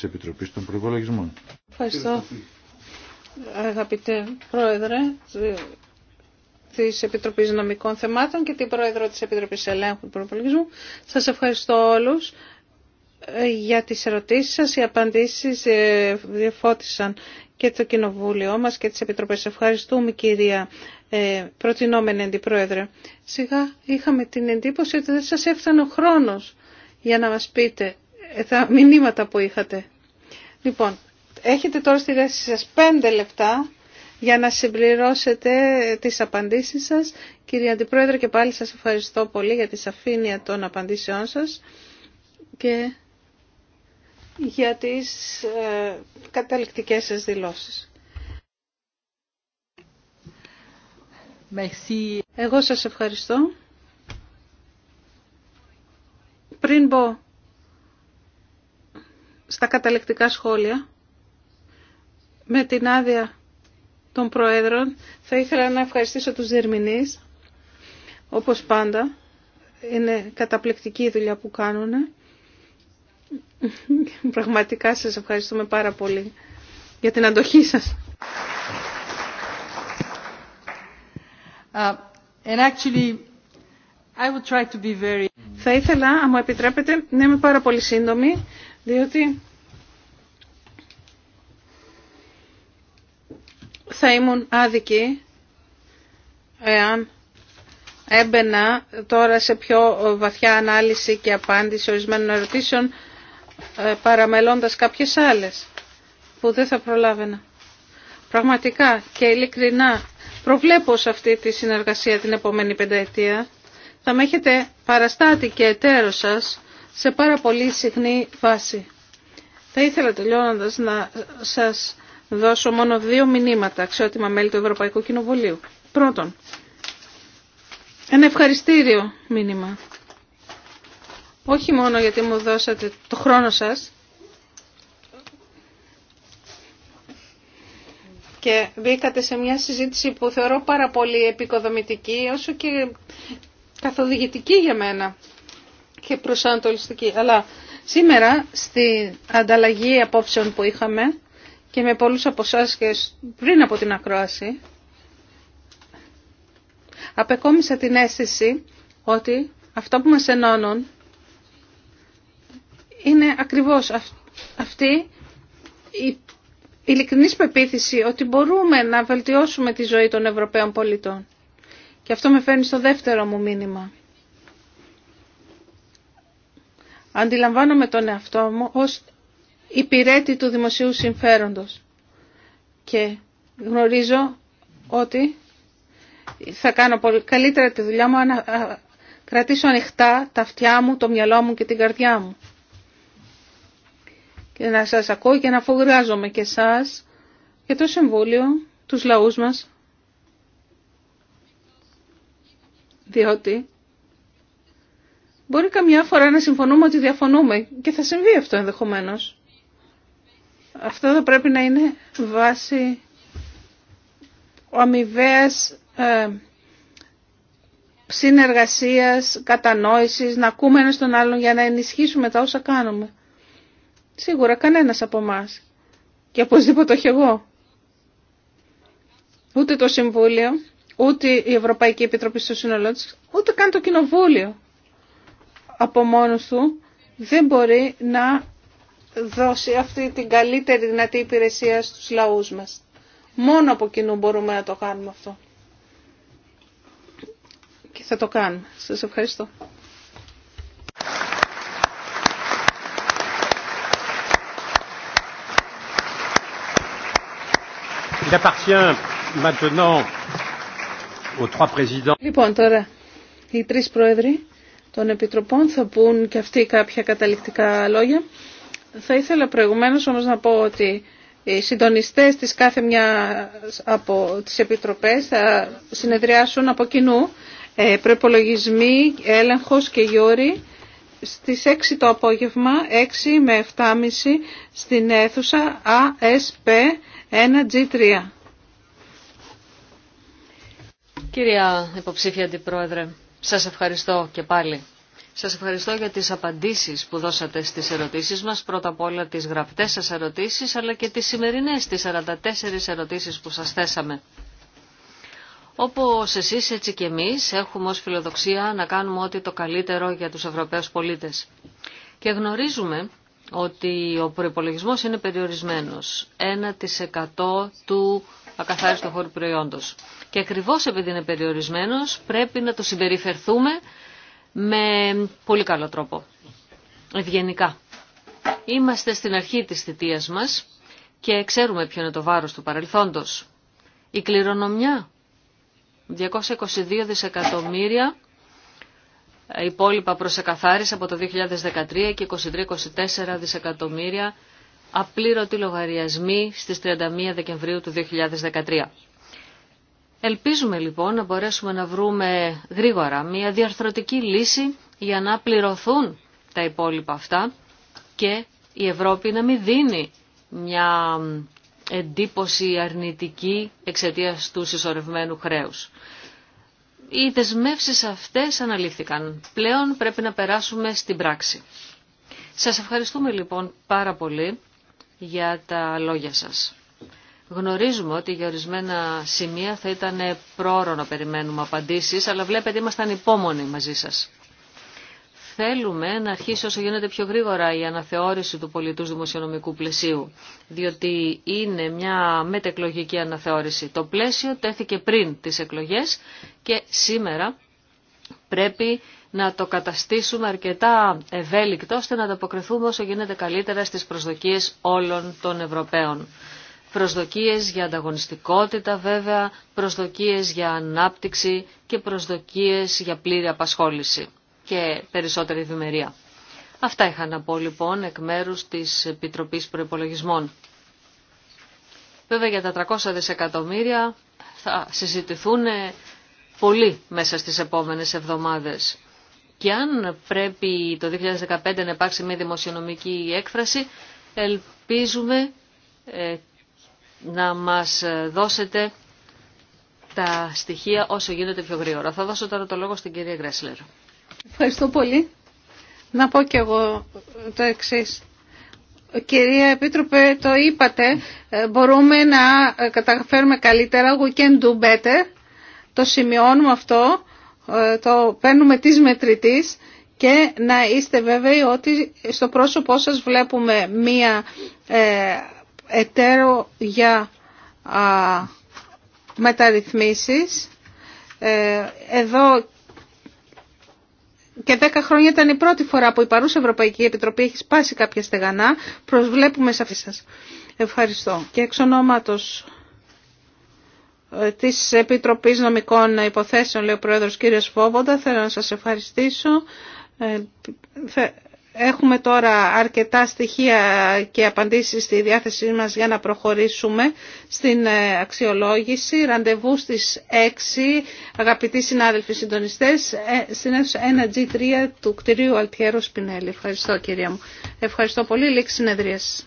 της Επιτροπής των Προπολογισμών. Ευχαριστώ αγαπητέ Πρόεδρε της Επιτροπής Νομικών Θεμάτων και την Πρόεδρο της Επιτροπής Ελέγχου του Προπολογισμού. Σας ευχαριστώ όλους ε, για τις ερωτήσεις σας. Οι απαντήσεις ε, διαφώτισαν και το Κοινοβούλιο μας και τις Επιτροπές. Ευχαριστούμε κυρία ε, προτινόμενη Αντιπρόεδρε. Σιγά είχαμε την εντύπωση ότι δεν σας έφτανε ο χρόνος για να μας πείτε ε, τα μηνύματα που είχατε. Λοιπόν, έχετε τώρα στη διάθεσή σας πέντε λεπτά για να συμπληρώσετε τις απαντήσεις σας. Κύριε Αντιπρόεδρε και πάλι σας ευχαριστώ πολύ για τη σαφήνεια των απαντήσεών σας και για τις ε, καταληκτικές σας δηλώσεις. Merci. Εγώ σας ευχαριστώ. Πριν πω στα καταλεκτικά σχόλια. Με την άδεια των Προέδρων θα ήθελα να ευχαριστήσω τους Δερμηνείς, όπως πάντα. Είναι καταπληκτική η δουλειά που κάνουν. Πραγματικά σας ευχαριστούμε πάρα πολύ για την αντοχή σας. Uh, θα ήθελα, αν μου επιτρέπετε, να είμαι πάρα πολύ σύντομη, διότι θα ήμουν άδικη εάν έμπαινα τώρα σε πιο βαθιά ανάλυση και απάντηση ορισμένων ερωτήσεων ε, παραμελώντας κάποιες άλλες που δεν θα προλάβαινα. Πραγματικά και ειλικρινά προβλέπω σε αυτή τη συνεργασία την επόμενη πενταετία θα με έχετε παραστάτη και εταίρος σας σε πάρα πολύ συχνή βάση. Θα ήθελα τελειώνοντας να σας δώσω μόνο δύο μηνύματα αξιότιμα μέλη του Ευρωπαϊκού Κοινοβουλίου. Πρώτον, ένα ευχαριστήριο μήνυμα. Όχι μόνο γιατί μου δώσατε το χρόνο σας και μπήκατε σε μια συζήτηση που θεωρώ πάρα πολύ επικοδομητική όσο και καθοδηγητική για μένα και προσανατολιστική. Αλλά σήμερα στην ανταλλαγή απόψεων που είχαμε και με πολλούς από εσά και πριν από την ακρόαση, απεκόμισα την αίσθηση ότι αυτό που μας ενώνουν είναι ακριβώς αυτή η ειλικρινής πεποίθηση ότι μπορούμε να βελτιώσουμε τη ζωή των Ευρωπαίων πολιτών. Και αυτό με φέρνει στο δεύτερο μου μήνυμα. Αντιλαμβάνομαι τον εαυτό μου ως υπηρέτη του δημοσίου συμφέροντος. Και γνωρίζω ότι θα κάνω πολύ καλύτερα τη δουλειά μου αν κρατήσω ανοιχτά τα αυτιά μου, το μυαλό μου και την καρδιά μου. Και να σας ακούω και να φοβράζομαι και εσάς και το Συμβούλιο, τους λαούς μας. Διότι μπορεί καμιά φορά να συμφωνούμε ότι διαφωνούμε και θα συμβεί αυτό ενδεχομένως. Αυτό θα πρέπει να είναι βάση ο αμοιβαίας ε, συνεργασίας, κατανόησης, να ακούμε ένα τον άλλον για να ενισχύσουμε τα όσα κάνουμε. Σίγουρα κανένας από εμά. Και οπωσδήποτε όχι εγώ. Ούτε το Συμβούλιο, ούτε η Ευρωπαϊκή Επιτροπή στο σύνολό τη, ούτε καν το Κοινοβούλιο από μόνος του δεν μπορεί να δώσει αυτή την καλύτερη δυνατή υπηρεσία στους λαούς μας. Μόνο από κοινού μπορούμε να το κάνουμε αυτό. Και θα το κάνουμε. Σας ευχαριστώ. Λοιπόν, τώρα οι τρεις πρόεδροι των Επιτροπών θα πούν και αυτοί κάποια καταληκτικά λόγια. Θα ήθελα προηγουμένως όμως να πω ότι οι συντονιστές της κάθε μια από τις επιτροπές θα συνεδριάσουν από κοινού ε, προπολογισμοί, έλεγχος και γιόρι στις 6 το απόγευμα, 6 με 7.30 στην αίθουσα ASP 1G3. Κυρία Υποψήφια Αντιπρόεδρε, σας ευχαριστώ και πάλι σας ευχαριστώ για τις απαντήσεις που δώσατε στις ερωτήσεις μας. Πρώτα απ' όλα τις γραπτές σας ερωτήσεις, αλλά και τις σημερινές, τις 44 ερωτήσεις που σας θέσαμε. Όπως εσείς έτσι και εμείς έχουμε ως φιλοδοξία να κάνουμε ό,τι το καλύτερο για τους Ευρωπαίους πολίτες. Και γνωρίζουμε ότι ο προπολογισμό είναι περιορισμένος, 1% του ακαθάριστου χώρου προϊόντος. Και ακριβώς επειδή είναι περιορισμένος πρέπει να το συμπεριφερθούμε με πολύ καλό τρόπο, ευγενικά. Είμαστε στην αρχή της θητείας μας και ξέρουμε ποιο είναι το βάρος του παρελθόντος. Η κληρονομιά, 222 δισεκατομμύρια, ε, υπόλοιπα προσεκαθάρισε από το 2013 και 23-24 δισεκατομμύρια απλήρωτοι λογαριασμοί στις 31 Δεκεμβρίου του 2013. Ελπίζουμε λοιπόν να μπορέσουμε να βρούμε γρήγορα μια διαρθρωτική λύση για να πληρωθούν τα υπόλοιπα αυτά και η Ευρώπη να μην δίνει μια εντύπωση αρνητική εξαιτία του συσσωρευμένου χρέους. Οι δεσμεύσει αυτές αναλήφθηκαν. Πλέον πρέπει να περάσουμε στην πράξη. Σας ευχαριστούμε λοιπόν πάρα πολύ για τα λόγια σας. Γνωρίζουμε ότι για ορισμένα σημεία θα ήταν πρόωρο να περιμένουμε απαντήσεις, αλλά βλέπετε ήμασταν υπόμονοι μαζί σας. Θέλουμε να αρχίσει όσο γίνεται πιο γρήγορα η αναθεώρηση του πολιτού δημοσιονομικού πλαισίου, διότι είναι μια μετεκλογική αναθεώρηση. Το πλαίσιο τέθηκε πριν τις εκλογές και σήμερα πρέπει να το καταστήσουμε αρκετά ευέλικτο ώστε να ανταποκριθούμε όσο γίνεται καλύτερα στις προσδοκίες όλων των Ευρωπαίων προσδοκίες για ανταγωνιστικότητα βέβαια, προσδοκίες για ανάπτυξη και προσδοκίες για πλήρη απασχόληση και περισσότερη ευημερία. Αυτά είχα να πω λοιπόν εκ μέρου της Επιτροπής Προϋπολογισμών. Βέβαια για τα 300 δισεκατομμύρια θα συζητηθούν ε, πολύ μέσα στις επόμενες εβδομάδες. Και αν πρέπει το 2015 να υπάρξει μια δημοσιονομική έκφραση, ελπίζουμε ε, να μας ε, δώσετε τα στοιχεία όσο γίνεται πιο γρήγορα. Θα δώσω τώρα το λόγο στην κυρία Γκρέσλερ. Ευχαριστώ πολύ. Να πω κι εγώ το εξής. Κυρία Επίτροπε, το είπατε, ε, μπορούμε να ε, καταφέρουμε καλύτερα, we can do better, το σημειώνουμε αυτό, το παίρνουμε τη μετρητής και να είστε βέβαιοι ότι στο πρόσωπό σας βλέπουμε μία εταίρο για α, μεταρρυθμίσεις. Ε, εδώ και δέκα χρόνια ήταν η πρώτη φορά που η παρούσα Ευρωπαϊκή Επιτροπή έχει σπάσει κάποια στεγανά. Προσβλέπουμε σε αυτή σας. Ευχαριστώ. Και εξ ονόματος ε, της Επιτροπής Νομικών Υποθέσεων, λέει ο Πρόεδρος κύριος Φόβοντα, θέλω να σας ευχαριστήσω. Ε, Έχουμε τώρα αρκετά στοιχεία και απαντήσεις στη διάθεσή μας για να προχωρήσουμε στην ε, αξιολόγηση. Ραντεβού στις 6, αγαπητοί συνάδελφοι συντονιστές, ε, στην 1G3 του κτηρίου Αλτιέρο Σπινέλη. Ευχαριστώ κυρία μου. Ευχαριστώ πολύ. Λήξη συνεδρίες.